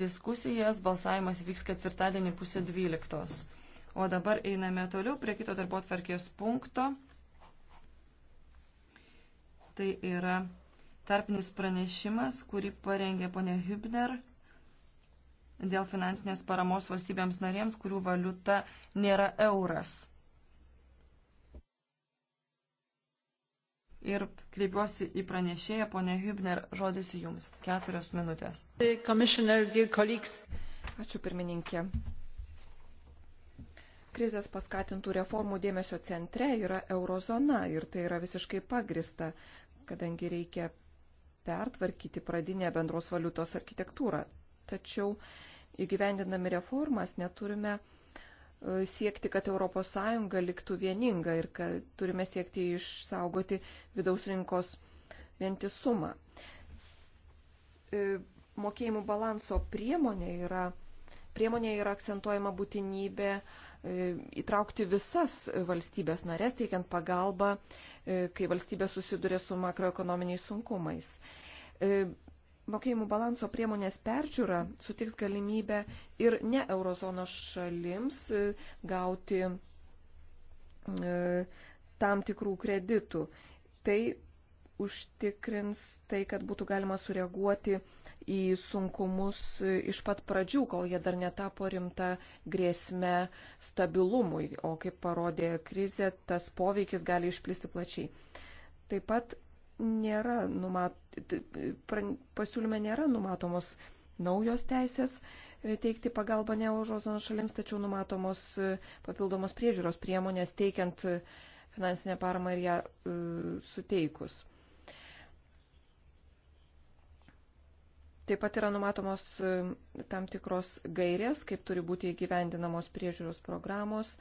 diskusijas, balsavimas vyks ketvirtadienį pusė dvyliktos. O dabar einame toliau prie kito darbo atvarkės punkto. Tai yra tarpinis pranešimas, kurį parengė ponė Hübner dėl finansinės paramos valstybėms narėms, kurių valiuta nėra euras. ir kreipiuosi į pranešėją, ponė Hübner, žodis jums, keturios minutės. Ačiū pirmininkė. Krizės paskatintų reformų dėmesio centre yra eurozona ir tai yra visiškai pagrista, kadangi reikia pertvarkyti pradinę bendros valiutos architektūrą. Tačiau įgyvendinami reformas neturime siekti, kad ES liktų vieninga ir kad turime siekti išsaugoti vidaus rinkos vientisumą. E, mokėjimų balanso priemonė yra, priemonė yra akcentuojama būtinybė e, įtraukti visas valstybės narės, teikiant pagalbą, e, kai valstybė susiduria su makroekonominiais sunkumais mokėjimų balanso priemonės peržiūra sutiks galimybę ir ne eurozonos šalims e, gauti e, tam tikrų kreditų. Tai užtikrins tai, kad būtų galima sureaguoti į sunkumus e, iš pat pradžių, kol jie dar netapo rimta grėsme stabilumui, o kaip parodė krizė, tas poveikis gali išplisti plačiai. Taip pat nėra numat... pasiūlyme nėra numatomos naujos teisės e, teikti pagalbą ne eurozonos šalims, tačiau numatomos e, papildomos priežiūros priemonės teikiant e, finansinę paramą ir ją suteikus. Taip pat yra numatomos tam tikros gairės, kaip turi būti įgyvendinamos priežiūros programos,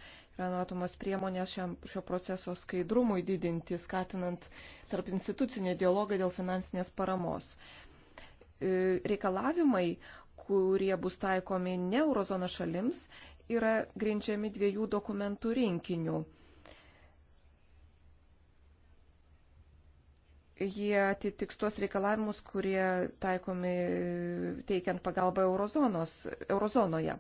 numatomos priemonės šiam, šio proceso skaidrumui didinti, skatinant tarp institucinį dialogą dėl finansinės paramos. E, reikalavimai, kurie bus taikomi ne eurozono šalims, yra grindžiami dviejų dokumentų rinkiniu. Jie atitiks tuos reikalavimus, kurie taikomi teikiant pagalbą eurozonos, eurozonoje. Eurozonoje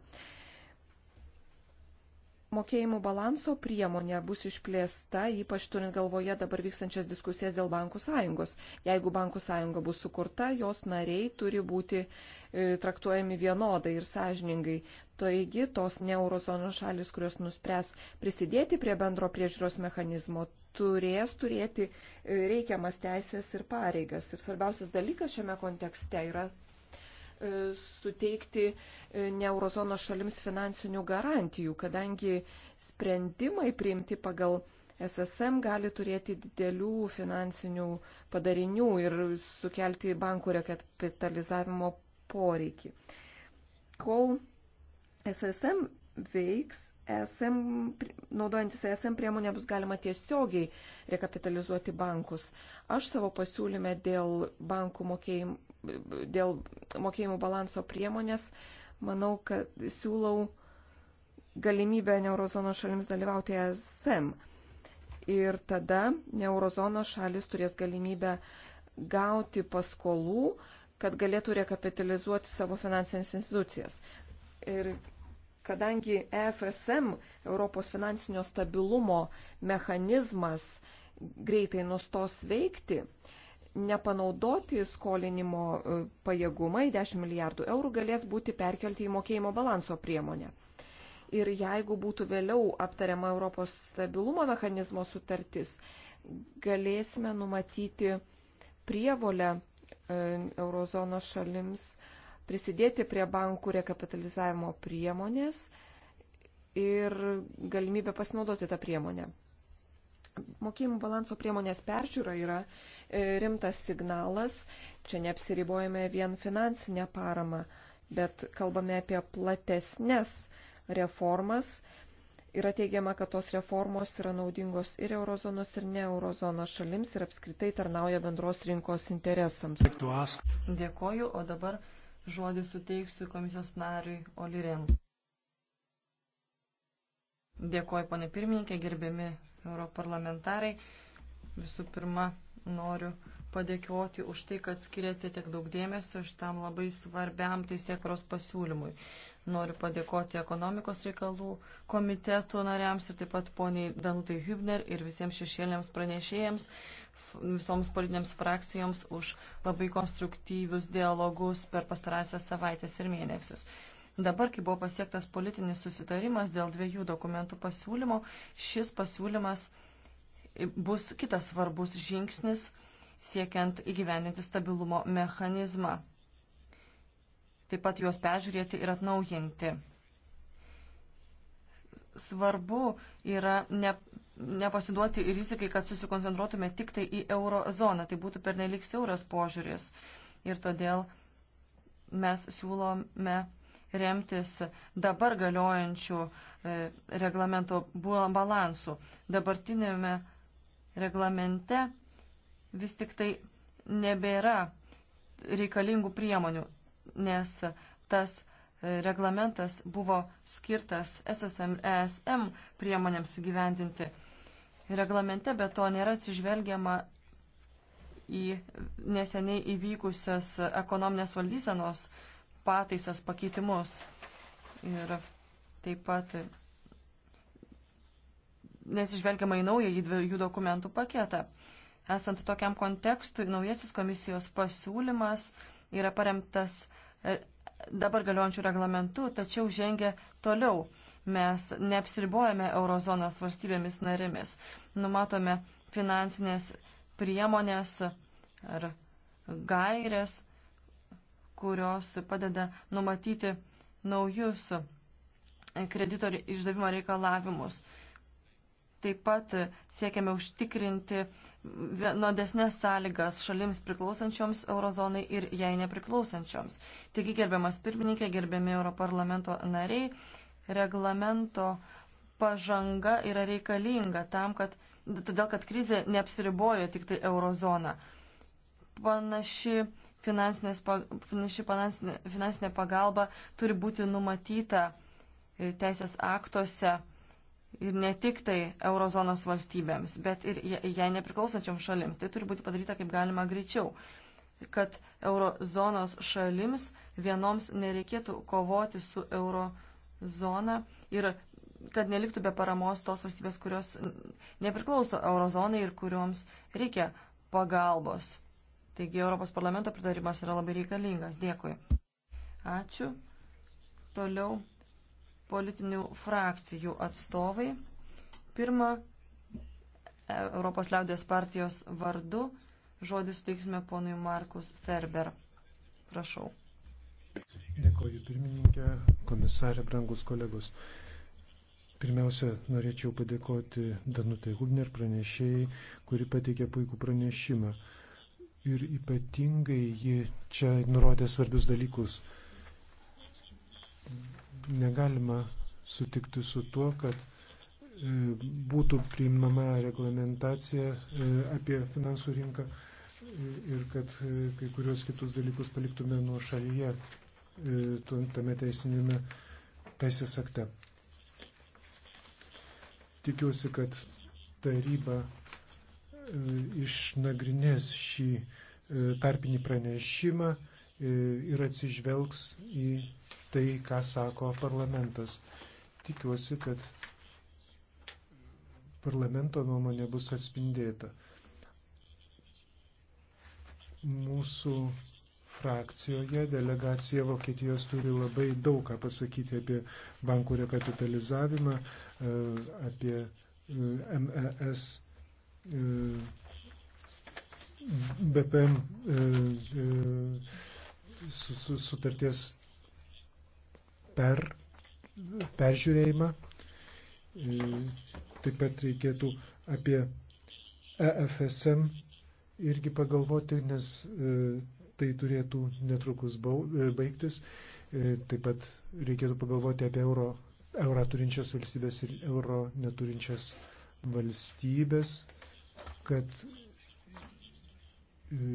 mokėjimų balanso priemonė bus išplėsta, ypač turint galvoje dabar vykstančias diskusijas dėl bankų sąjungos. Jeigu bankų sąjunga bus sukurta, jos nariai turi būti e, traktuojami vienodai ir sąžiningai. Taigi tos neurozonos šalis, kurios nuspręs prisidėti prie bendro priežiūros mechanizmo, turės turėti e, reikiamas teisės ir pareigas. Ir svarbiausias dalykas šiame kontekste yra E, suteikti e, neurozono šalims finansinių garantijų, kadangi sprendimai priimti pagal SSM gali turėti didelių finansinių padarinių ir sukelti bankų rekapitalizavimo poreikį. Kol SSM veiks, ESM, naudojantis ESM priemonė bus galima tiesiogiai rekapitalizuoti bankus. Aš savo pasiūlyme dėl bankų mokėjim, dėl mokėjimų balanso priemonės, manau, kad siūlau galimybę neurozono šalims dalyvauti ESM. Ir tada neurozono šalis turės galimybę gauti paskolų, kad galėtų rekapitalizuoti savo finansinės institucijas. Ir kadangi EFSM, Europos finansinio stabilumo mechanizmas, greitai nustos veikti, nepanaudoti skolinimo e, pajėgumai 10 milijardų eurų galės būti perkelti į mokėjimo balanso priemonę. Ir jeigu būtų vėliau aptariama Europos stabilumo mechanizmo sutartis, galėsime numatyti prievolę e, eurozonos šalims prisidėti prie bankų rekapitalizavimo priemonės ir galimybę pasinaudoti tą priemonę. Mokėjimų balanso priemonės peržiūra yra e, rimtas signalas. Čia neapsiribojame vien finansinę paramą, bet kalbame apie platesnės reformas. Yra teigiama, kad tos reformos yra naudingos ir eurozonos, ir ne eurozonos šalims ir apskritai tarnauja bendros rinkos interesams. Dėkoju, o dabar žodį suteiksiu komisijos nariui Oliren. Dėkoju, ponė pirmininkė, gerbiami europarlamentarai. Visų pirma, noriu padėkoti už tai, kad skiriate tiek daug dėmesio šitam labai svarbiam teisėkros pasiūlymui. Noriu padėkoti ekonomikos reikalų komitetų nariams ir taip pat poniai Danutai Hübner ir visiems šešėliams pranešėjams, visoms politinėms frakcijoms už labai konstruktyvius dialogus per pastarąsias savaitės ir mėnesius. Dabar, kai buvo pasiektas politinis susitarimas dėl dviejų dokumentų pasiūlymo, šis pasiūlymas bus kitas svarbus žingsnis siekiant įgyveninti stabilumo mechanizmą. Taip pat juos peržiūrėti ir atnaujinti. Svarbu yra ne, nepasiduoti rizikai, kad susikoncentruotume tik tai į eurozoną. Tai būtų pernelik siauras požiūris. Ir todėl mes siūlome remtis dabar galiojančių e, reglamento balansų. Dabartinėme reglamente vis tik tai nebėra reikalingų priemonių, nes tas e, reglamentas buvo skirtas SSM, ESM priemonėms gyventinti. Reglamente be to nėra atsižvelgiama į neseniai įvykusias ekonominės valdysenos pataisas pakeitimus. Ir taip pat nesižvelgiama į naują į dviejų dokumentų paketą. Esant tokiam kontekstui, naujasis komisijos pasiūlymas yra paremtas e, dabar galiojančių reglamentų, tačiau žengia toliau. Mes neapsiribojame eurozonos valstybėmis narimis. Numatome finansinės priemonės ar gairės kurios padeda numatyti naujus kredito išdavimo reikalavimus. Taip pat siekiame užtikrinti vienodesnės sąlygas šalims priklausančioms eurozonai ir jai nepriklausančioms. Taigi, gerbiamas pirmininkė, gerbiami Europarlamento nariai, reglamento pažanga yra reikalinga tam, kad, todėl kad krizė neapsiribojo tik tai eurozoną. Panaši ši finansinė pagalba turi būti numatyta e, teisės aktuose ir ne tik tai eurozonos valstybėms, bet ir jai nepriklausančioms šalims. Tai turi būti padaryta kaip galima greičiau, kad eurozonos šalims vienoms nereikėtų kovoti su eurozona ir kad neliktų be paramos tos valstybės, kurios nepriklauso eurozonai ir kurioms reikia pagalbos. Taigi Europos parlamento pritarimas yra labai reikalingas. Dėkui. Ačiū. Toliau politinių frakcijų atstovai. Pirma, e, Europos liaudės partijos vardu žodį suteiksime ponui Markus Ferber. Prašau. Dėkoju pirmininkė, komisarė, brangus kolegos. Pirmiausia, norėčiau padėkoti Danutai Hubner pranešėjai, kuri pateikė puikų pranešimą ir ypatingai ji čia nurodė svarbius dalykus. Negalima sutikti su tuo, kad e, būtų priimama reglamentacija e, apie finansų rinką e, ir kad kai kurios kitus dalykus paliktume nuo šalyje tame teisinėme teisės akte. Tikiuosi, kad taryba E, išnagrinės šį e, tarpinį pranešimą e, ir atsižvelgs į tai, ką sako parlamentas. Tikiuosi, kad parlamento nuomonė bus atspindėta. Mūsų frakcijoje delegacija Vokietijos turi labai daug ką pasakyti apie bankų rekapitalizavimą, apie MES E, BPM e, e, sutarties per, peržiūrėjimą. Taip pat reikėtų apie EFSM irgi pagalvoti, nes tai turėtų netrukus baigtis. Taip pat reikėtų pagalvoti apie euro, eurą turinčias valstybės ir euro neturinčias valstybės kad e,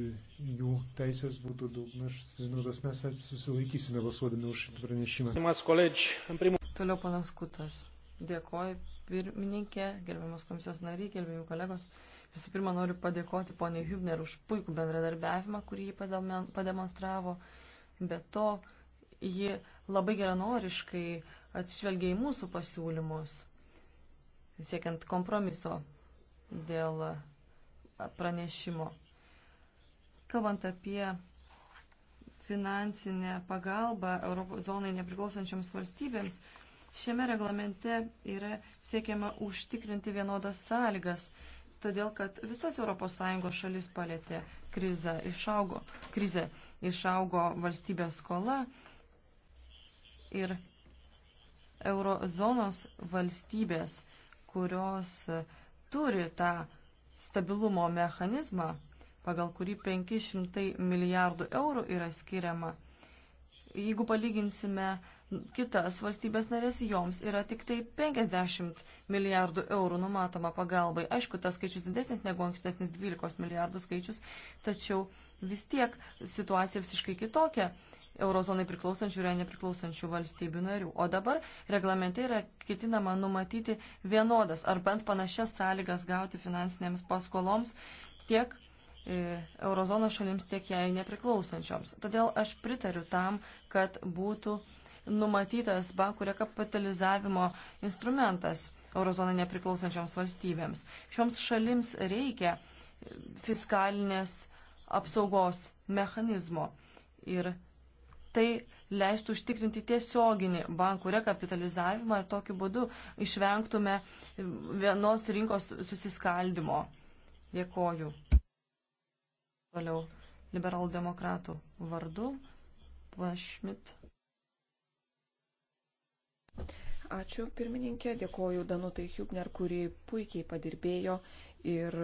jų teisės būtų daugmaž vienodos. Mes susilaikysime balsuodami už šitą pranešimą. Toliau panas Kutas. Dėkoju pirmininkė, gerbiamas komisijos nariai, gerbiami kolegos. Visų pirma, noriu padėkoti poniai Hübner už puikų bendradarbiavimą, kurį jį pademonstravo. Be to, ji labai geranoriškai atsižvelgia į mūsų pasiūlymus, siekiant kompromiso dėl pranešimo. Kalbant apie finansinę pagalbą Eurozonai nepriklausančioms valstybėms, šiame reglamente yra siekiama užtikrinti vienodas sąlygas, todėl kad visas ES šalis palėtė krizę, išaugo, krizę, išaugo valstybės skola ir Eurozonos valstybės, kurios uh, turi tą stabilumo mechanizmą, pagal kurį 500 milijardų eurų yra skiriama. Jeigu palyginsime kitas valstybės narės, joms yra tik tai 50 milijardų eurų numatoma pagalbai. Aišku, tas skaičius didesnis negu ankstesnis 12 milijardų skaičius, tačiau vis tiek situacija visiškai kitokia eurozonai priklausančių ir nepriklausančių valstybių narių. O dabar reglamente yra ketinama numatyti vienodas ar bent panašias sąlygas gauti finansinėms paskoloms tiek e, eurozono šalims, tiek jai nepriklausančioms. Todėl aš pritariu tam, kad būtų numatytas bankų rekapitalizavimo instrumentas eurozonai nepriklausančioms valstybėms. Šioms šalims reikia fiskalinės apsaugos mechanizmo. Ir tai leistų užtikrinti tiesioginį bankų rekapitalizavimą ir tokiu būdu išvengtume vienos rinkos susiskaldimo. Dėkoju. Toliau liberalų demokratų vardu. Vašmit. Ačiū pirmininkė, dėkoju Danutai Hubner, kuri puikiai padirbėjo ir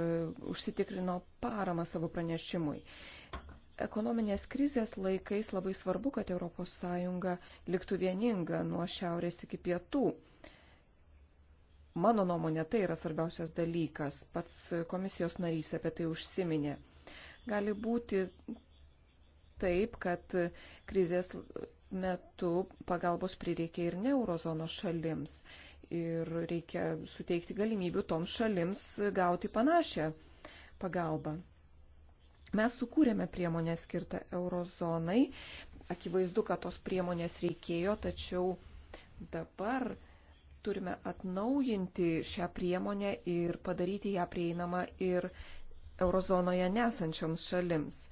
užsitikrino paramą savo pranešimui. Ekonominės krizės laikais labai svarbu, kad ES liktų vieninga nuo šiaurės iki pietų. Mano nuomonė tai yra svarbiausias dalykas. Pats komisijos narys apie tai užsiminė. Gali būti taip, kad krizės metu pagalbos prireikia ir ne eurozono šalims. Ir reikia suteikti galimybių toms šalims gauti panašią pagalbą. Mes sukūrėme priemonę skirtą eurozonai. Akivaizdu, kad tos priemonės reikėjo, tačiau dabar turime atnaujinti šią priemonę ir padaryti ją prieinamą ir eurozonoje nesančioms šalims.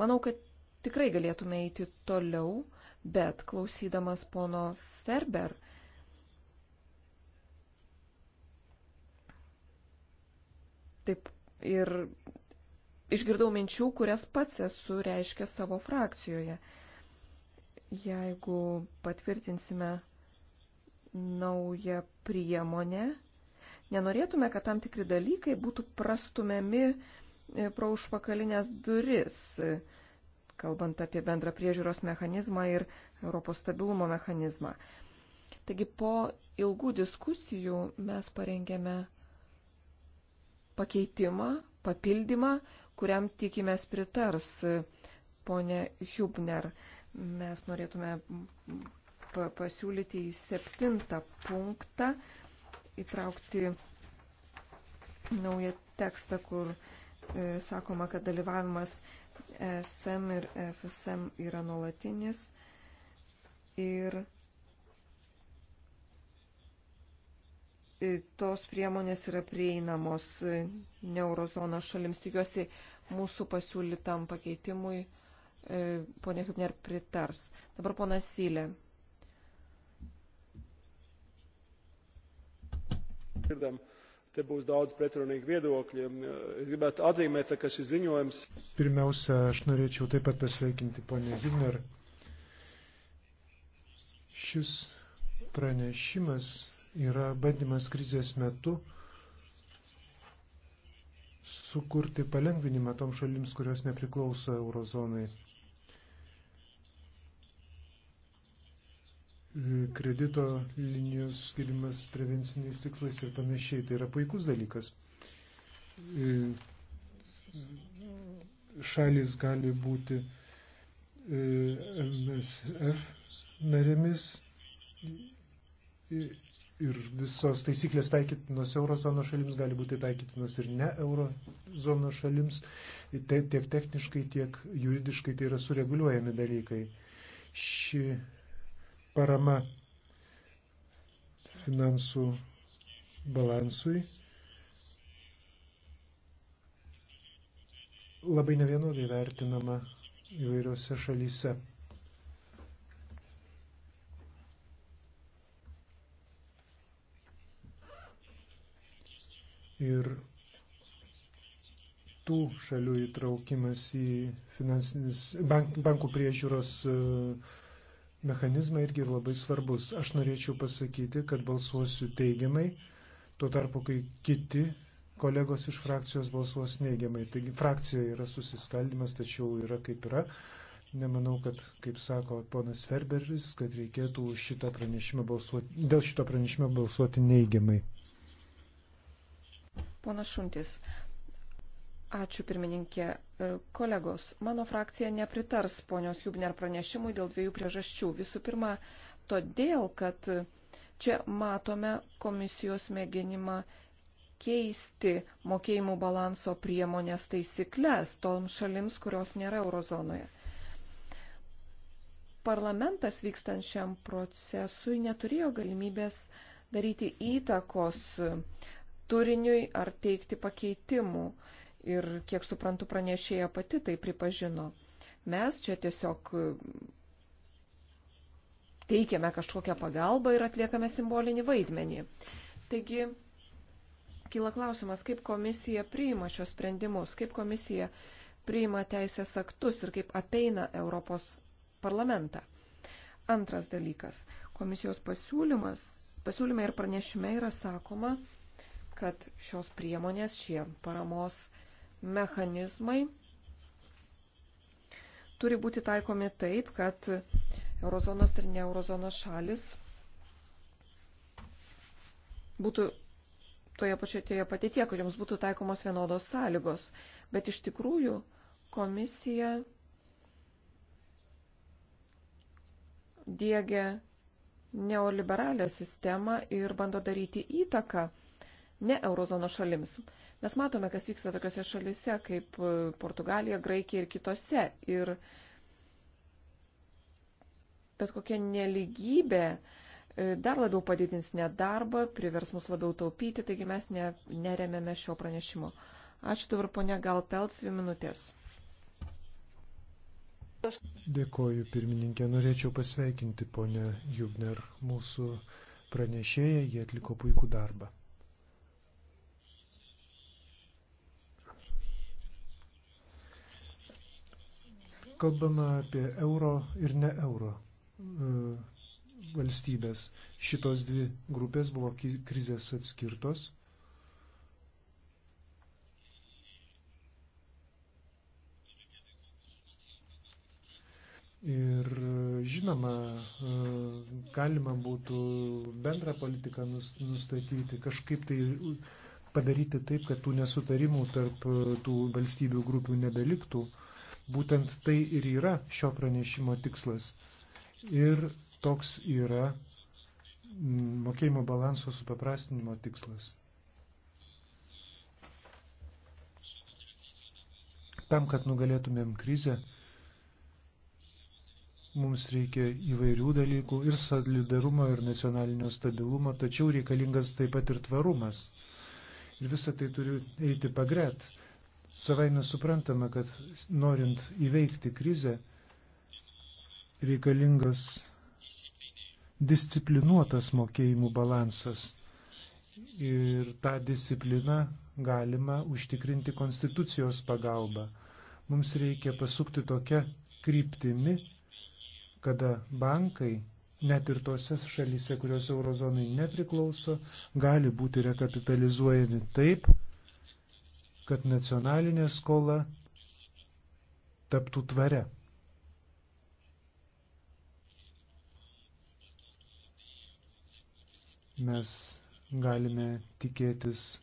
Manau, kad tikrai galėtume eiti toliau, bet klausydamas pono Ferber, taip ir išgirdau minčių, kurias pats esu reiškia savo frakcijoje. Jeigu patvirtinsime naują priemonę, nenorėtume, kad tam tikri dalykai būtų prastumiami e, pro užpakalinės duris, e, kalbant apie bendrą priežiūros mechanizmą ir Europos stabilumo mechanizmą. Taigi po ilgų diskusijų mes parengėme pakeitimą, papildymą, kuriam tikimės pritars ponė Hubner. Mes norėtume pasiūlyti į septintą punktą įtraukti naują tekstą, kur e, sakoma, kad dalyvavimas ESM ir FSM yra nuolatinis ir E, tos priemonės yra prieinamos e, neurozono šalims. Tikiuosi, mūsų pasiūlytam pakeitimui e, ponė Hübner pritars. Dabar ponas Sylė. Girdam, te būs daudz pretrunīgu viedokļu. Gribētu atzīmēt, ka šis ziņojums. Pirmiausia, aš norėčiau taip pat pasveikinti ponę Hübner. Šis pranešimas yra bandymas krizės metu sukurti palengvinimą tom šalims, kurios nepriklauso eurozonai. Kredito linijos skirimas prevenciniais tikslais ir panašiai. Tai yra puikus dalykas. Šalis gali būti e, MSF narėmis e, ir visos taisyklės taikytinos eurozono šalims gali būti taikytinos ir ne eurozono šalims, te, tiek techniškai, tiek juridiškai tai yra sureguliuojami dalykai. Ši parama finansų balansui labai nevienodai vertinama įvairiose šalyse. ir tų šalių įtraukimas į bank, bankų priežiūros e, mechanizmą irgi labai svarbus. Aš norėčiau pasakyti, kad balsuosiu teigiamai, tuo tarpu, kai kiti kolegos iš frakcijos balsuos neigiamai. Taigi frakcija yra susiskaldimas, tačiau yra kaip yra. Nemanau, kad, kaip sako ponas Ferberis, kad reikėtų šitą pranešimą balsuoti, dėl šito pranešimo balsuoti neigiamai. Pono Šuntis. Ačiū pirmininkė. E, kolegos, mano frakcija nepritars ponios Jubner pranešimui dėl dviejų priežasčių. Visų pirma, todėl, kad čia matome komisijos mėginimą keisti mokėjimų balanso priemonės taisyklės toms šalims, kurios nėra eurozonoje. Parlamentas vykstant šiam procesui neturėjo galimybės daryti įtakos uh, turiniui ar teikti pakeitimų. Ir kiek suprantu, pranešėja pati tai pripažino. Mes čia tiesiog e, teikiame kažkokią pagalbą ir atliekame simbolinį vaidmenį. Taigi, kyla klausimas, kaip komisija priima šios sprendimus, kaip komisija priima teisės aktus ir kaip apeina Europos parlamentą. Antras dalykas. Komisijos pasiūlymas, pasiūlyme ir pranešime yra sakoma, kad šios priemonės, šie paramos mechanizmai turi būti taikomi taip, kad eurozonos ir ne eurozonos šalis būtų toje pačioje patėtie, kur jums būtų taikomos vienodos sąlygos. Bet iš tikrųjų komisija dėgia neoliberalią sistemą ir bando daryti įtaką ne eurozono šalims. Mes matome, kas vyksta tokiose šalise kaip e, Portugalija, Graikija ir kitose. Ir bet kokia neligybė e, dar labiau padidins nedarbą, privers mus labiau taupyti, taigi mes ne, neremėme šio pranešimo. Ačiū dabar ponia Galpelts, dvi minutės. Dėkoju, pirmininkė. Norėčiau pasveikinti ponę Jubner, mūsų pranešėją, jie atliko puikų darbą. Kalbame apie euro ir ne euro e, valstybės. Šitos dvi grupės buvo krizės atskirtos. Ir e, žinoma, e, galima būtų bendrą politiką nustatyti, kažkaip tai padaryti taip, kad tų nesutarimų tarp tų valstybių grupių nebeliktų. Būtent tai ir yra šio pranešimo tikslas. Ir toks yra mm, mokėjimo balanso supaprastinimo tikslas. Tam, kad nugalėtumėm krizę, mums reikia įvairių dalykų ir solidarumo, ir nacionalinio stabilumo, tačiau reikalingas taip pat ir tvarumas. Ir visa tai turi eiti pagret. Savai mes suprantame, kad norint įveikti krizę, reikalingas disciplinuotas mokėjimų balansas. Ir tą discipliną galima užtikrinti konstitucijos pagalba. Mums reikia pasukti tokią kryptimi, kada bankai, net ir tose šalyse, kurios eurozonai nepriklauso, gali būti rekapitalizuojami taip, kad nacionalinė skola taptų tvare. Mes galime tikėtis e,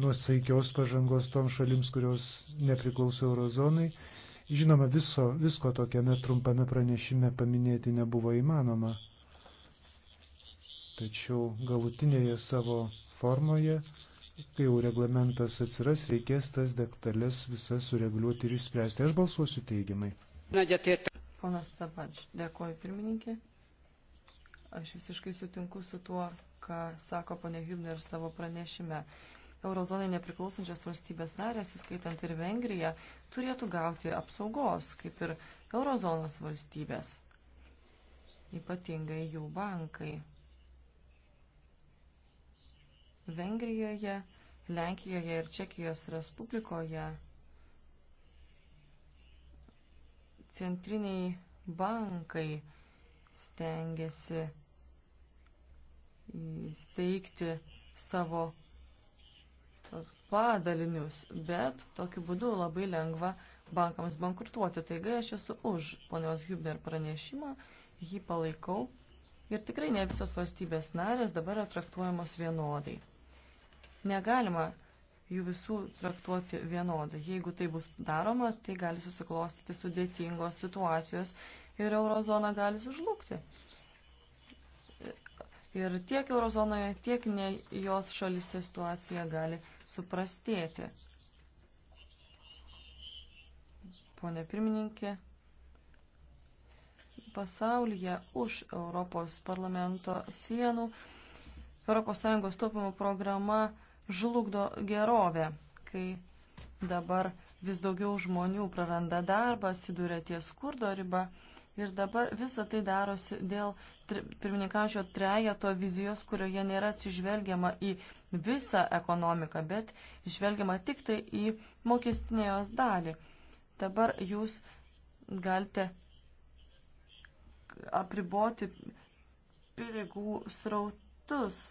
nusaikios pažangos tom šalims, kurios nepriklauso eurozonai. Žinoma, viso, visko tokiame trumpame pranešime paminėti nebuvo įmanoma. Tačiau galutinėje savo formoje kai jau reglamentas atsiras, reikės tas detalės visas sureguliuoti ir išspręsti. Aš balsuosiu teigiamai. Tai Ponas Tabač, dėkoju pirmininkė. Aš visiškai sutinku su tuo, ką sako ponė Hübner savo pranešime. Eurozonai nepriklausančios valstybės narės, įskaitant ir Vengriją, turėtų gauti apsaugos, kaip ir Eurozonos valstybės, ypatingai jų bankai. Vengrijoje, Lenkijoje ir Čekijos Respublikoje centriniai bankai stengiasi steigti savo padalinius, bet tokiu būdu labai lengva bankams bankrutuoti. Taigi aš esu už ponios Hübner pranešimą, jį palaikau ir tikrai ne visos valstybės narės dabar yra traktuojamos vienodai. Negalima jų visų traktuoti vienodai. Jeigu tai bus daroma, tai gali susiklostyti sudėtingos situacijos ir eurozona gali sužlugti. Ir tiek eurozonoje, tiek ne jos šalise situacija gali suprastėti. Pone pirmininkė, pasaulyje už Europos parlamento sienų ES taupimo programa žlugdo gerovę, kai dabar vis daugiau žmonių praranda darbą, atsiduria ties skurdo riba. Ir dabar visa tai darosi dėl pirmininkaučio trejato vizijos, kurioje nėra atsižvelgiama į visą ekonomiką, bet žvelgiama tik tai į mokestinėjos dalį. Dabar jūs galite apriboti pinigų srautus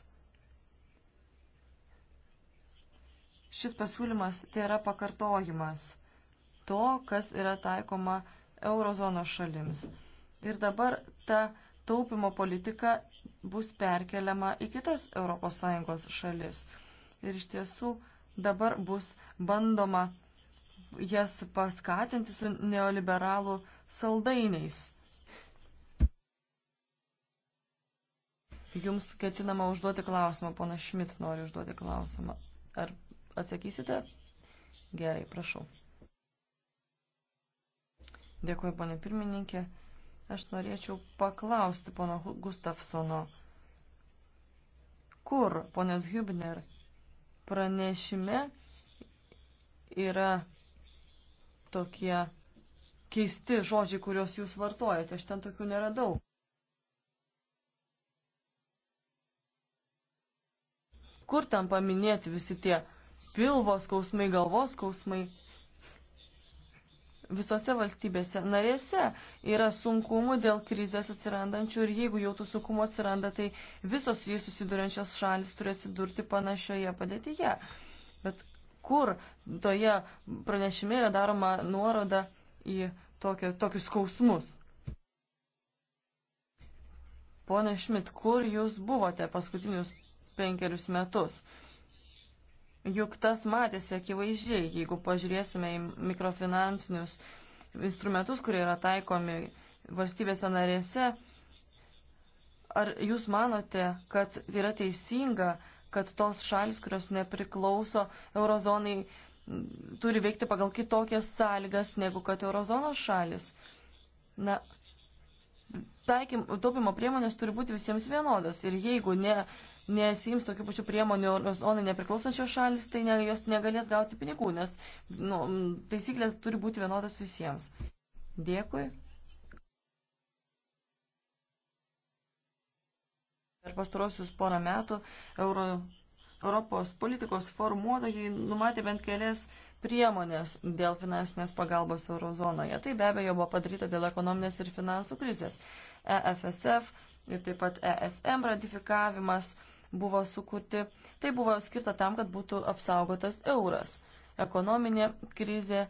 Šis pasiūlymas tai yra pakartojimas to, kas yra taikoma eurozonos šalims. Ir dabar ta taupimo politika bus perkeliama į kitas ES šalis. Ir iš tiesų dabar bus bandoma jas paskatinti su neoliberalų saldainiais. Jums ketinama užduoti klausimą, pana Šmit nori užduoti klausimą. Ar Atsakysite? Gerai, prašau. Dėkuoju, ponė pirmininkė. Aš norėčiau paklausti pono Gustafsono, kur ponios Hübner pranešime yra tokie keisti žodžiai, kuriuos jūs vartojate. Aš ten tokių neradau. Kur ten paminėti visi tie žodžiai? pilvo skausmai, galvos skausmai. Visose valstybėse narėse yra sunkumų dėl krizės atsirandančių ir jeigu jau tų sunkumų atsiranda, tai visos jais susidurančios šalis turi atsidurti panašioje padėtyje. Bet kur toje pranešime yra daroma nuoroda į tokio, tokius skausmus? Pone Šmit, kur jūs buvote paskutinius penkerius metus? Juk tas matėsi akivaizdžiai, jeigu pažiūrėsime į mikrofinansinius instrumentus, kurie yra taikomi valstybėse narėse. Ar jūs manote, kad yra teisinga, kad tos šalis, kurios nepriklauso eurozonai, turi veikti pagal kitokias sąlygas negu kad eurozonos šalis? Na, taikim, taupimo priemonės turi būti visiems vienodos. Ir jeigu ne nesijims tokių pačių priemonių zonai nepriklausančios šalis, tai ne, jos negalės gauti pinigų, nes nu, taisyklės turi būti vienodas visiems. Dėkui. Per pastarosius porą metų Euro, Europos politikos formuotojai numatė bent kelias priemonės dėl finansinės pagalbos eurozonoje. Tai be abejo buvo padaryta dėl ekonominės ir finansų krizės. EFSF ir taip pat ESM ratifikavimas buvo sukurti. Tai buvo skirta tam, kad būtų apsaugotas euras. Ekonominė krizė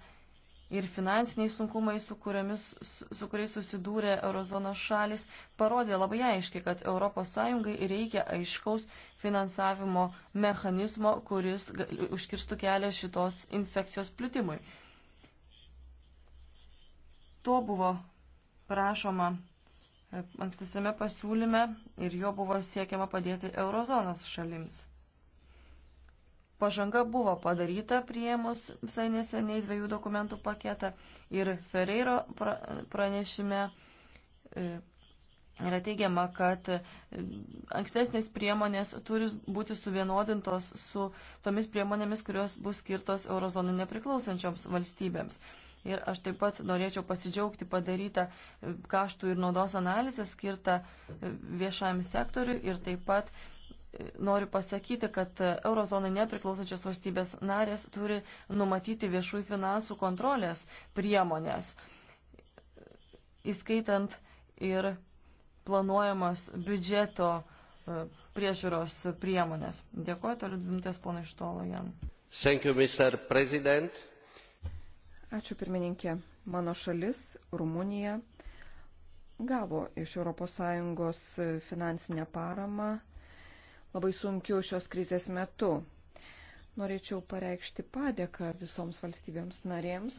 ir finansiniai sunkumai, su, kuriamis, su kuriais susidūrė eurozonos šalis, parodė labai aiškiai, kad ES reikia aiškaus finansavimo mechanizmo, kuris užkirstų kelią šitos infekcijos plitimui. To buvo prašoma ankstesame pasiūlyme ir jo buvo siekiama padėti eurozonos šalims. Pažanga buvo padaryta prieimus visai neseniai dviejų dokumentų paketą ir Ferreiro pranešime e, yra teigiama, kad e, ankstesnės priemonės turi būti suvienodintos su tomis priemonėmis, kurios bus skirtos eurozonų nepriklausančioms valstybėms. Ir aš taip pat norėčiau pasidžiaugti padarytą kaštų ir naudos analizę skirtą viešajam sektoriu ir taip pat e, noriu pasakyti, kad eurozonai nepriklausančios valstybės narės turi numatyti viešųjų finansų kontrolės priemonės, įskaitant ir planuojamas biudžeto e, priežiūros priemonės. Dėkuoju, toliau minutės ponai Štolojan. Thank you, Mr. President. Ačiū pirmininkė. Mano šalis, Rumunija, gavo iš ES finansinę paramą labai sunkiu šios krizės metu. Norėčiau pareikšti padėką visoms valstybėms narėms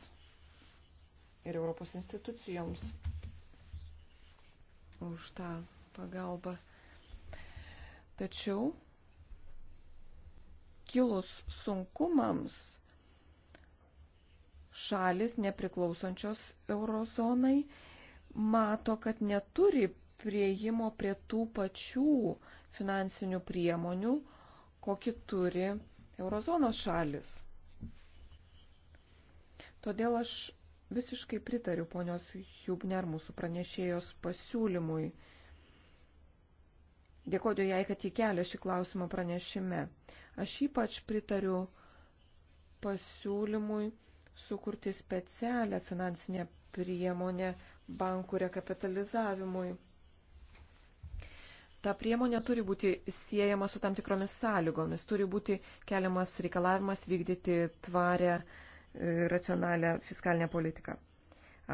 ir Europos institucijoms už tą pagalbą. Tačiau kilus sunkumams šalis nepriklausančios eurozonai mato, kad neturi prieimo prie tų pačių finansinių priemonių, kokį turi eurozonos šalis. Todėl aš visiškai pritariu ponios Jubner mūsų pranešėjos pasiūlymui. Dėkoju jai, kad jį kelia šį klausimą pranešime. Aš ypač pritariu pasiūlymui sukurti specialią finansinę priemonę bankų rekapitalizavimui. Ta priemonė turi būti siejama su tam tikromis sąlygomis, turi būti keliamas reikalavimas vykdyti tvarę, e, racionalią fiskalinę politiką.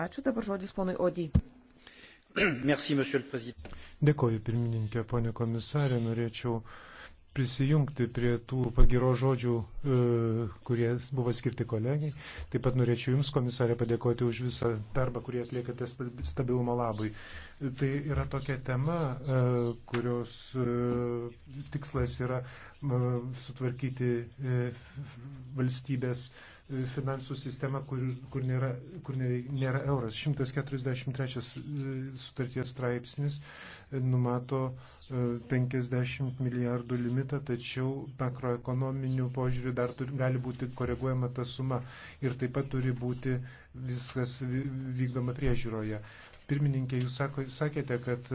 Ačiū dabar žodis ponui Odį. Dėkoju, pirmininkė, ponė komisarė, norėčiau prisijungti prie tų pagiro žodžių, e, kurie buvo skirti kolegai. Taip pat norėčiau Jums, komisarė, padėkoti už visą darbą, kurį atliekate stabilumo labui. Tai yra tokia tema, e, kurios e, tikslas yra sutvarkyti valstybės finansų sistema, kur, kur, nėra, kur nėra euras. 143 e, sutarties straipsnis e, numato 50 e, milijardų limitą, tačiau makroekonominių požiūrių dar turi, gali būti koreguojama ta suma ir taip pat turi būti viskas vykdoma priežiūroje. Pirmininkė, jūs sako, sakėte, kad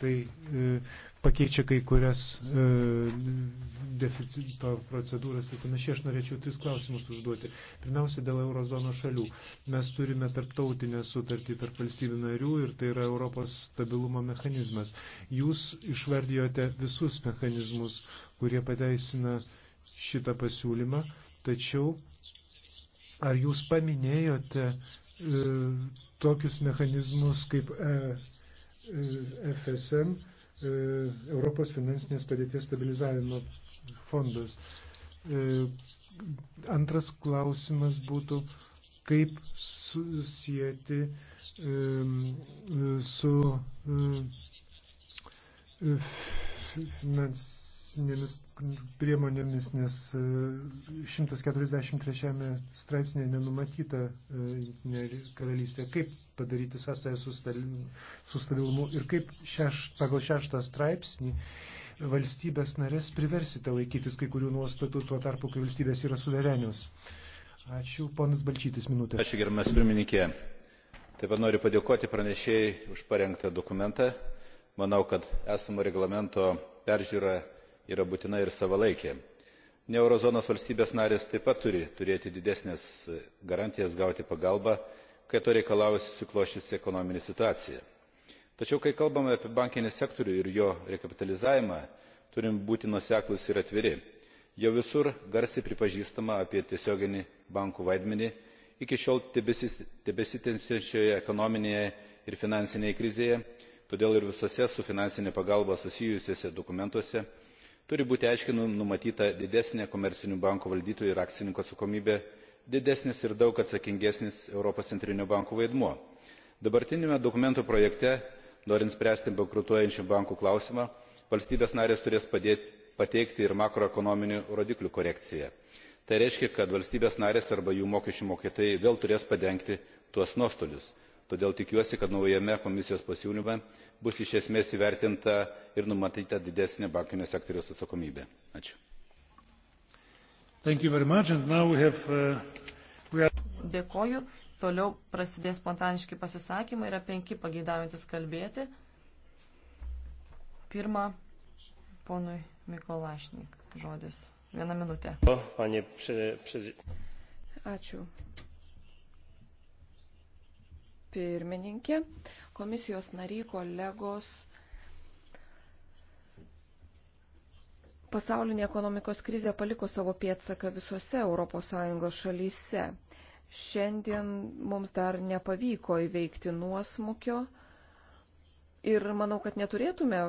tai pakeičia kai kurias e, deficito procedūras ir panašiai. Aš norėčiau tris klausimus užduoti. Pirmiausia, dėl eurozono šalių. Mes turime tarptautinę sutartį tarp valstybių narių ir tai yra Europos stabilumo mechanizmas. Jūs išvardijote visus mechanizmus, kurie pateisina šitą pasiūlymą, tačiau ar jūs paminėjote e, tokius mechanizmus kaip e, e, FSM? E, E, Europos finansinės padėties stabilizavimo fondus. E, antras klausimas būtų, kaip susijęti e, su finans, finansinėmis priemonėmis, nes 143 e, straipsnėje nenumatyta e, karalystė, kaip padaryti sąsąją su stabilumu ir kaip šeš, pagal šeštą straipsnį valstybės narės priversite laikytis kai kurių nuostatų tuo tarpu, kai valstybės yra suverenius. Ačiū, ponas Balčytis, minutė. Ačiū, gerbiamas pirmininkė. Taip pat noriu padėkoti pranešėjai už parengtą dokumentą. Manau, kad esamo reglamento peržiūra yra būtina ir savalaikė. ne euro zonos valstybės narės taip pat turi turėti didesnes e, garantijas gauti pagalbą kai to reikalauja susiklosčiusi ekonominė situacija. tačiau kai kalbame apie bankinį sektorių ir jo rekapitalizavimą turime būti nuoseklūs ir atviri. jau visur garsiai pripažįstama apie tiesioginį bankų vaidmenį iki šiol tebesitęsiančioje ekonominėje ir finansinėje krizėje todėl ir visuose su finansine pagalba susijusiuose dokumentuose turi būti aiškiai nu, numatyta didesnė komercinių bankų valdytojų ir akcininkų atsakomybė didesnis ir daug atsakingesnis europos centrinio banko vaidmuo. dabartiniame dokumento projekte norint spręsti bankrutuojančių bankų klausimą valstybės narės turės padėti, pateikti ir makroekonominių rodiklių korekciją. tai reiškia kad valstybės narės arba jų mokesčių mokėtojai vėl turės padengti tuos nuostolius todėl tikiuosi kad naujame komisijos pasiūlyme bus iš esmės įvertinta ir numatyta didesnė bankinio sektoriaus atsakomybė. Ačiū. Uh, Dėkoju. Toliau prasidės spontaniški pasisakymai. Yra penki pageidaujantis kalbėti. Pirma, ponui Mikolašnik žodis. Vieną minutę. Ačiū pirmininkė, komisijos nariai, kolegos. Pasaulinė ekonomikos krizė paliko savo pėtsaką visose ES šalyse. Šiandien mums dar nepavyko įveikti nuosmukio ir manau, kad neturėtume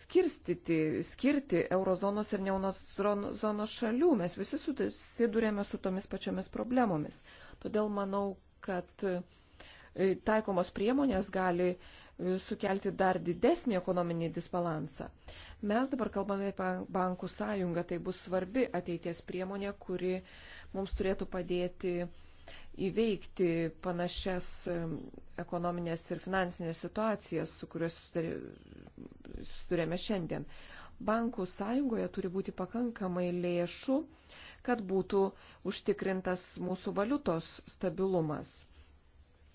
skirstyti, skirti eurozonos ir neurozonos šalių. Mes visi susidurėme su tomis pačiomis problemomis. Todėl manau, kad E, taikomos priemonės gali e, sukelti dar didesnį ekonominį disbalansą. Mes dabar kalbame apie bankų sąjungą, tai bus svarbi ateities priemonė, kuri mums turėtų padėti įveikti panašias e, ekonominės ir finansinės situacijas, su kuriuos susidurėme šiandien. Bankų sąjungoje turi būti pakankamai lėšų, kad būtų užtikrintas mūsų valiutos stabilumas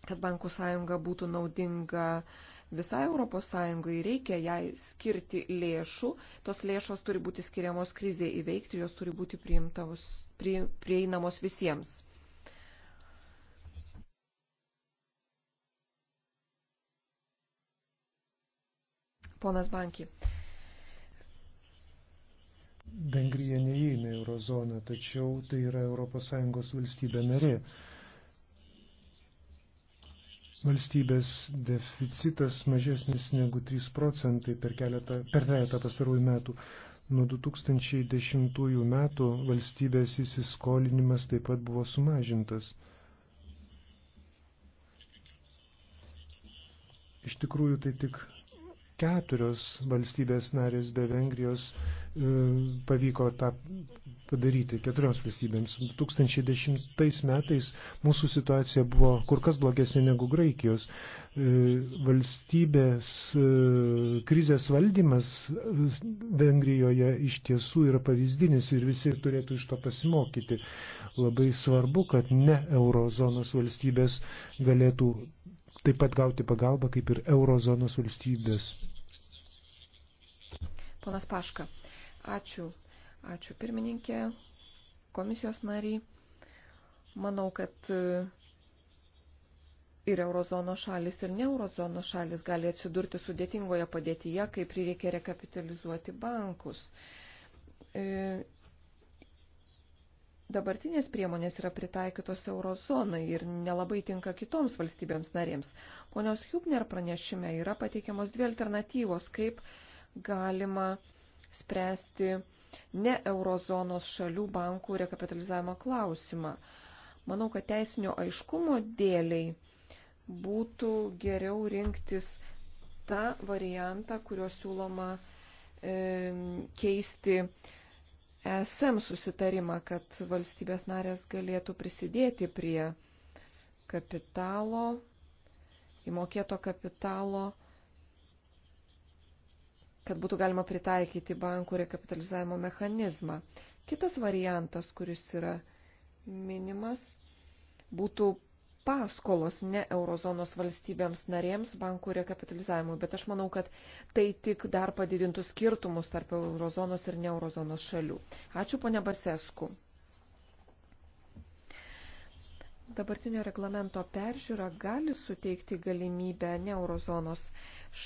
kad bankų sąjunga būtų naudinga visai ES, reikia jai skirti lėšų. Tos lėšos turi būti skiriamos krizė įveikti, jos turi būti prie, prieinamos visiems. Ponas Banki. Vengrija neįeina eurozoną, tačiau tai yra ES valstybė narė valstybės deficitas mažesnis negu 3 procentai per keletą, per keletą pastarųjų metų. Nuo 2010 metų valstybės įsiskolinimas taip pat buvo sumažintas. Iš tikrųjų tai tik keturios valstybės narės be Vengrijos E, pavyko tą padaryti keturioms valstybėms. 2010 metais mūsų situacija buvo kur kas blogesnė negu Graikijos. E, valstybės e, krizės valdymas Vengrijoje iš tiesų yra pavyzdinis ir visi turėtų iš to pasimokyti. Labai svarbu, kad ne eurozonos valstybės galėtų taip pat gauti pagalbą kaip ir eurozonos valstybės. Ponas Paška. Ačiū. Ačiū pirmininkė, komisijos nariai. Manau, kad e, ir eurozono šalis, ir ne eurozono šalis gali atsidurti sudėtingoje padėtyje, kai prireikia rekapitalizuoti bankus. E, dabartinės priemonės yra pritaikytos eurozonai ir nelabai tinka kitoms valstybėms narėms. Ponios Hubner pranešime yra pateikiamos dvi alternatyvos, kaip galima uh, spręsti ne eurozonos šalių bankų rekapitalizavimo klausimą. Manau, kad teisinio aiškumo dėliai būtų geriau rinktis tą variantą, kurio siūloma e, keisti ESM susitarimą, kad valstybės narės galėtų prisidėti prie kapitalo, įmokėto kapitalo kad būtų galima pritaikyti bankų rekapitalizavimo mechanizmą. Kitas variantas, kuris yra minimas, būtų paskolos ne eurozonos valstybėms narėms bankų rekapitalizavimui, bet aš manau, kad tai tik dar padidintų skirtumus tarp eurozonos ir ne eurozonos šalių. Ačiū, ponė Basesku. Dabartinio reglamento peržiūra gali suteikti galimybę ne eurozonos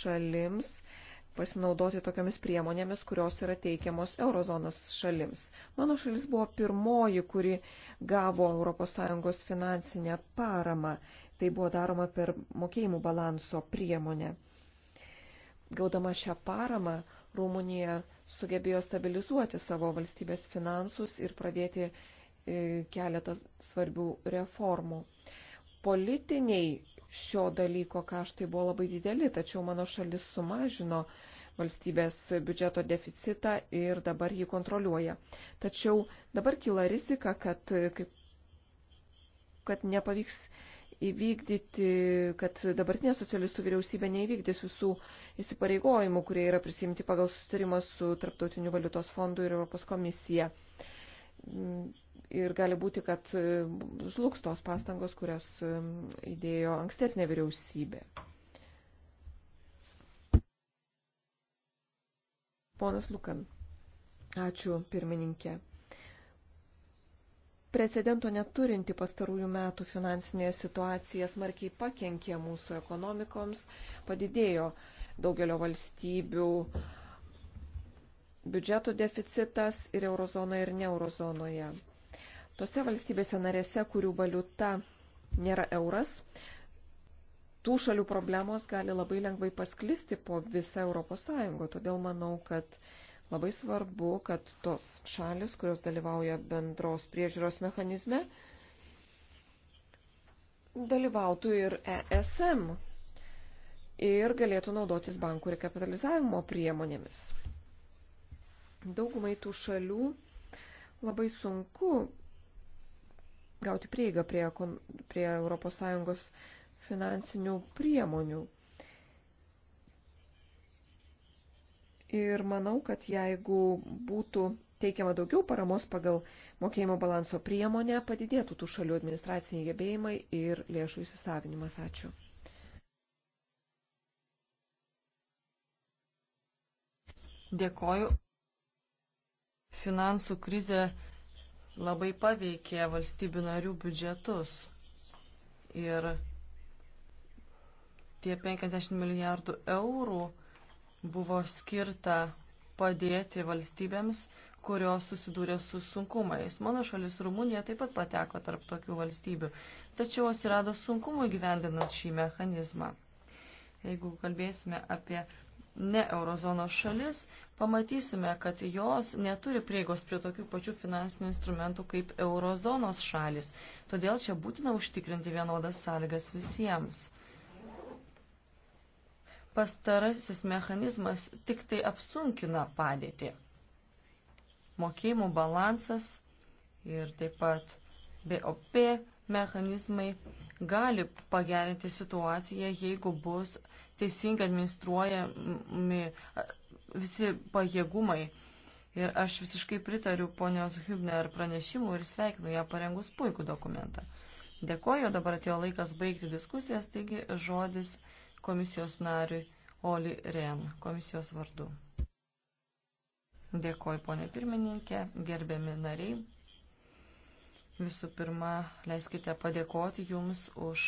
šalims pasinaudoti tokiamis priemonėmis, kurios yra teikiamos eurozonos šalims. Mano šalis buvo pirmoji, kuri gavo ES finansinę paramą. Tai buvo daroma per mokėjimų balanso priemonę. Gaudama šią paramą, Rumunija sugebėjo stabilizuoti savo valstybės finansus ir pradėti e, keletas svarbių reformų. Politiniai šio dalyko kaštai buvo labai dideli, tačiau mano šalis sumažino uh, valstybės biudžeto deficitą ir dabar jį kontroliuoja. Tačiau dabar kyla rizika, kad, kaip, kad nepavyks įvykdyti, kad dabartinė socialistų vyriausybė neįvykdys visų įsipareigojimų, kurie yra prisimti pagal sustarimą su Tarptautiniu valiutos fondu ir Europos komisija. Ir gali būti, kad žlugs tos pastangos, kurias um, įdėjo ankstesnė vyriausybė. Ponas Lukan. Ačiū, pirmininkė. Precedento neturinti pastarųjų metų finansinė situacija smarkiai pakenkė mūsų ekonomikoms, padidėjo daugelio valstybių biudžeto deficitas ir eurozonoje ir ne eurozonoje. Tose valstybėse narėse, kurių valiuta nėra euras, tų šalių problemos gali labai lengvai pasklisti po visą Europos Sąjungą. Todėl manau, kad labai svarbu, kad tos šalis, kurios dalyvauja bendros priežiūros mechanizme, dalyvautų ir ESM ir galėtų naudotis bankų rekapitalizavimo priemonėmis. Daugumai tų šalių labai sunku gauti prieigą prie, prie ES finansinių priemonių. Ir manau, kad jeigu būtų teikiama daugiau paramos pagal mokėjimo balanso priemonę, padidėtų tų šalių administraciniai gebėjimai ir lėšų įsisavinimas. Ačiū. Dėkoju. Finansų krizė labai paveikė valstybių narių biudžetus. Ir tie 50 milijardų eurų buvo skirta padėti valstybėms, kurios susidūrė su sunkumais. Mano šalis Rumunija taip pat pateko tarp tokių valstybių, tačiau atsirado sunkumų gyvendinant šį mechanizmą. Jeigu kalbėsime apie ne eurozonos šalis, pamatysime, kad jos neturi prieigos prie tokių pačių finansinių instrumentų kaip eurozonos šalis. Todėl čia būtina užtikrinti vienodas sąlygas visiems. Pastarasis mechanizmas tik tai apsunkina padėtį. Mokėjimų balansas ir taip pat BOP mechanizmai gali pagerinti situaciją, jeigu bus teisingai administruojami visi pajėgumai. Ir aš visiškai pritariu ponios Hübner pranešimu ir sveikinu ją parengus puikų dokumentą. Dėkoju, dabar atėjo laikas baigti diskusijas, taigi žodis komisijos nariui Oli Ren komisijos vardu. Dėkoju, ponė pirmininkė, gerbiami nariai. Visų pirma, leiskite padėkoti Jums už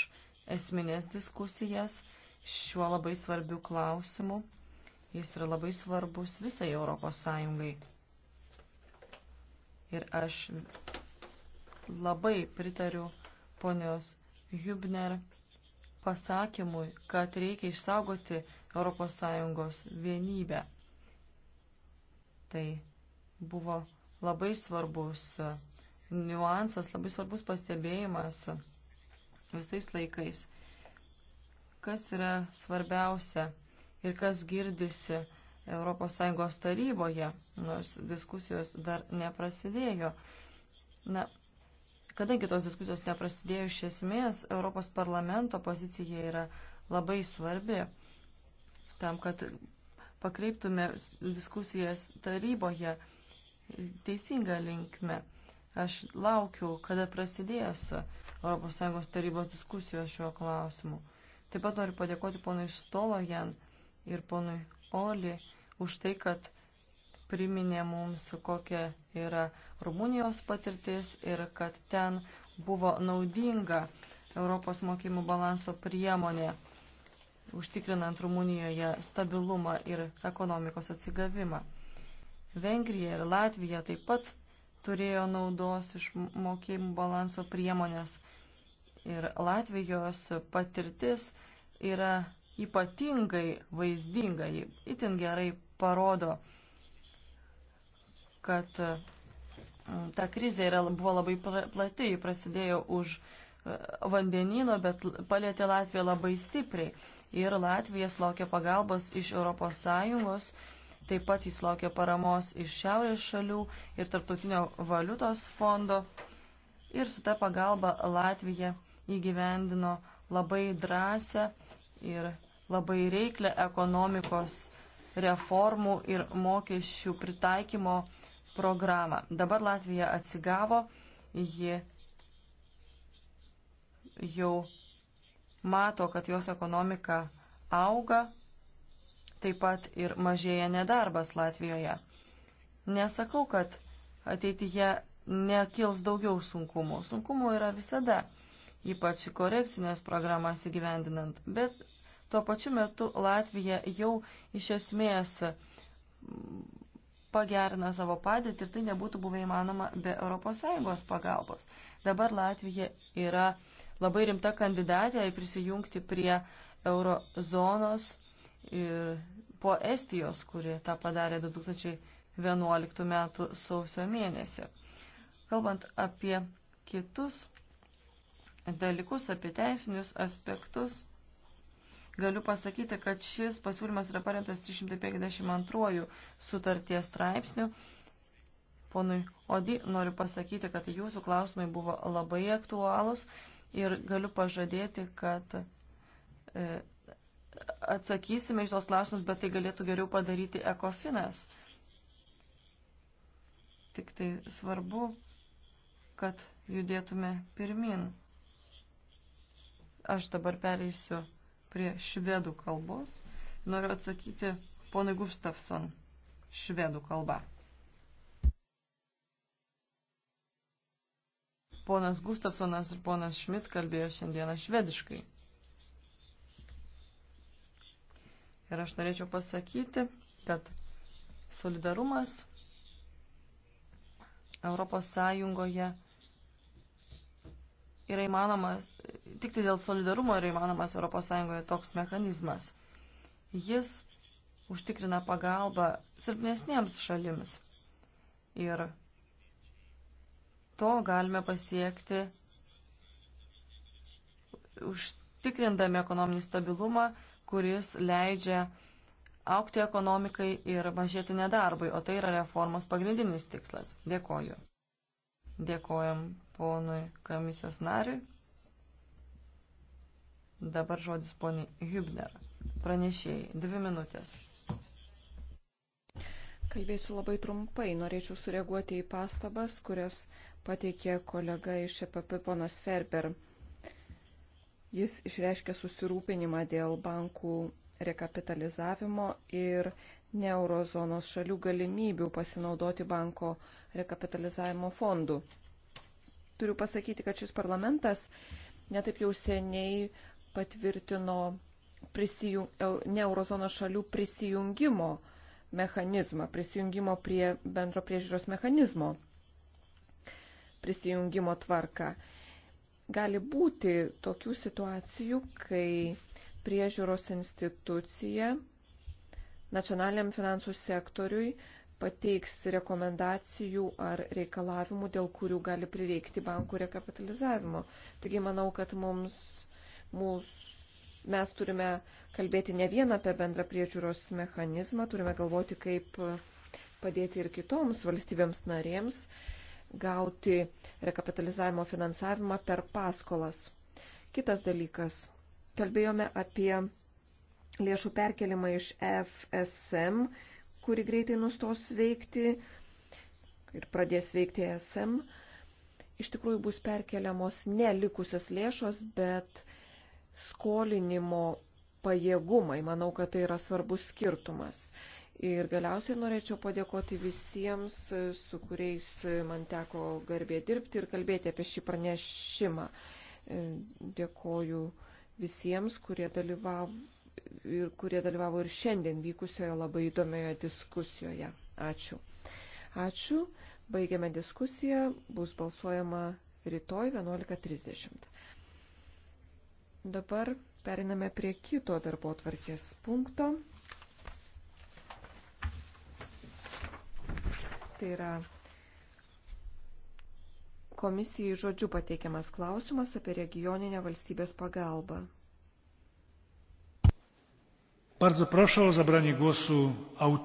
esminės diskusijas šiuo labai svarbiu klausimu. Jis yra labai svarbus visai Europos Sąjungai. Ir aš labai pritariu ponios Hübner pasakymui, kad reikia išsaugoti ES vienybę. Tai buvo labai svarbus e, niuansas, labai svarbus pastebėjimas visais laikais, kas yra svarbiausia ir kas girdisi ES taryboje, nors diskusijos dar neprasidėjo. Na, Kadangi tos diskusijos neprasidėjo iš esmės, Europos parlamento pozicija yra labai svarbi tam, kad pakreiptume diskusijas taryboje teisinga linkme. Aš laukiu, kada prasidės ES tarybos diskusijos šiuo klausimu. Taip pat noriu padėkoti ponui Stolojan ir ponui Oli už tai, kad priminė mums, kokia yra Rumunijos patirtis ir kad ten buvo naudinga Europos mokymų balanso priemonė, užtikrinant Rumunijoje stabilumą ir ekonomikos atsigavimą. Vengrija ir Latvija taip pat turėjo naudos iš mokėjimų balanso priemonės ir Latvijos patirtis yra ypatingai vaizdinga, itin gerai parodo, kad e, ta krizė yra, buvo labai plati, prasidėjo už e, vandenino, bet palėtė Latviją labai stipriai. Ir Latvija sulaukė pagalbos iš ES, taip pat jis sulaukė paramos iš šiaurės šalių ir Tarptautinio valiutos fondo. Ir su ta pagalba Latvija įgyvendino labai drąsią ir labai reiklę ekonomikos reformų ir mokesčių pritaikymo uh, programą. Dabar Latvija atsigavo, ji jau mato, kad jos ekonomika auga, taip pat ir mažėja nedarbas Latvijoje. Nesakau, kad ateityje nekils daugiau sunkumų. Sunkumų yra visada, ypač korekcinės programas įgyvendinant, bet tuo pačiu metu Latvija jau iš esmės pagerino savo padėtį ir tai nebūtų buvę įmanoma be ES pagalbos. Dabar Latvija yra labai rimta kandidatė prisijungti prie eurozonos ir po Estijos, kuri tą padarė 2011 m. sausio mėnesį. Kalbant apie kitus dalykus, apie teisinius aspektus, galiu pasakyti, kad šis pasiūlymas yra paremtas 352 sutarties straipsniu. Ponui Odi, noriu pasakyti, kad jūsų klausimai buvo labai aktualūs ir galiu pažadėti, kad e, atsakysime iš tos klausimus, bet tai galėtų geriau padaryti ekofinas. Tik tai svarbu, kad judėtume pirmin. Aš dabar pereisiu prie švedų kalbos. Noriu atsakyti ponui Gustafson švedų kalba. Ponas Gustafsonas ir ponas Šmit kalbėjo šiandieną švediškai. Ir aš norėčiau pasakyti, kad solidarumas Europos Sąjungoje – yra įmanomas, tik tai dėl solidarumo yra įmanomas ES toks mechanizmas. Jis užtikrina pagalbą silpnesniems šalims. Ir to galime pasiekti užtikrindami ekonominį stabilumą, kuris leidžia aukti ekonomikai ir mažėti nedarbui, o tai yra reformos pagrindinis tikslas. Dėkoju. Dėkojam ponui komisijos nariui. Dabar žodis poniai Hübner. Pranešėjai, dvi minutės. Kalbėsiu labai trumpai. Norėčiau sureaguoti į pastabas, kurias pateikė kolega iš EPP ponas Ferber. Jis išreiškė susirūpinimą dėl bankų rekapitalizavimo ir neurozonos šalių galimybių pasinaudoti banko rekapitalizavimo fondų turiu pasakyti, kad šis parlamentas netaip jau seniai patvirtino prisijung, ne eurozono šalių prisijungimo mechanizmą, prisijungimo prie bendro priežiūros mechanizmo, prisijungimo tvarką. Gali būti tokių situacijų, kai priežiūros institucija nacionaliniam finansų sektoriui uh, pateiks rekomendacijų ar reikalavimų, dėl kurių gali prireikti bankų rekapitalizavimo. Taigi manau, kad mums, mūs, mes turime kalbėti ne vien apie bendrą priežiūros mechanizmą, turime galvoti, kaip padėti ir kitoms valstybėms narėms gauti rekapitalizavimo finansavimą per paskolas. Kitas dalykas. Kalbėjome apie lėšų perkelimą iš FSM kuri greitai nustos veikti ir pradės veikti ESM, iš tikrųjų bus perkeliamos ne likusios lėšos, bet skolinimo pajėgumai. Manau, kad tai yra svarbus skirtumas. Ir galiausiai norėčiau padėkoti visiems, su kuriais man teko garbė dirbti ir kalbėti apie šį pranešimą. Dėkoju visiems, kurie dalyvavo ir kurie dalyvavo ir šiandien vykusioje labai įdomioje diskusijoje. Ačiū. Ačiū. Baigiame diskusiją. Bus balsuojama rytoj 11.30. Dabar periname prie kito darbo tvarkės punkto. Tai yra komisijai žodžiu pateikiamas klausimas apie regioninę valstybės pagalbą bardzo proszę o zabranie głosu autorów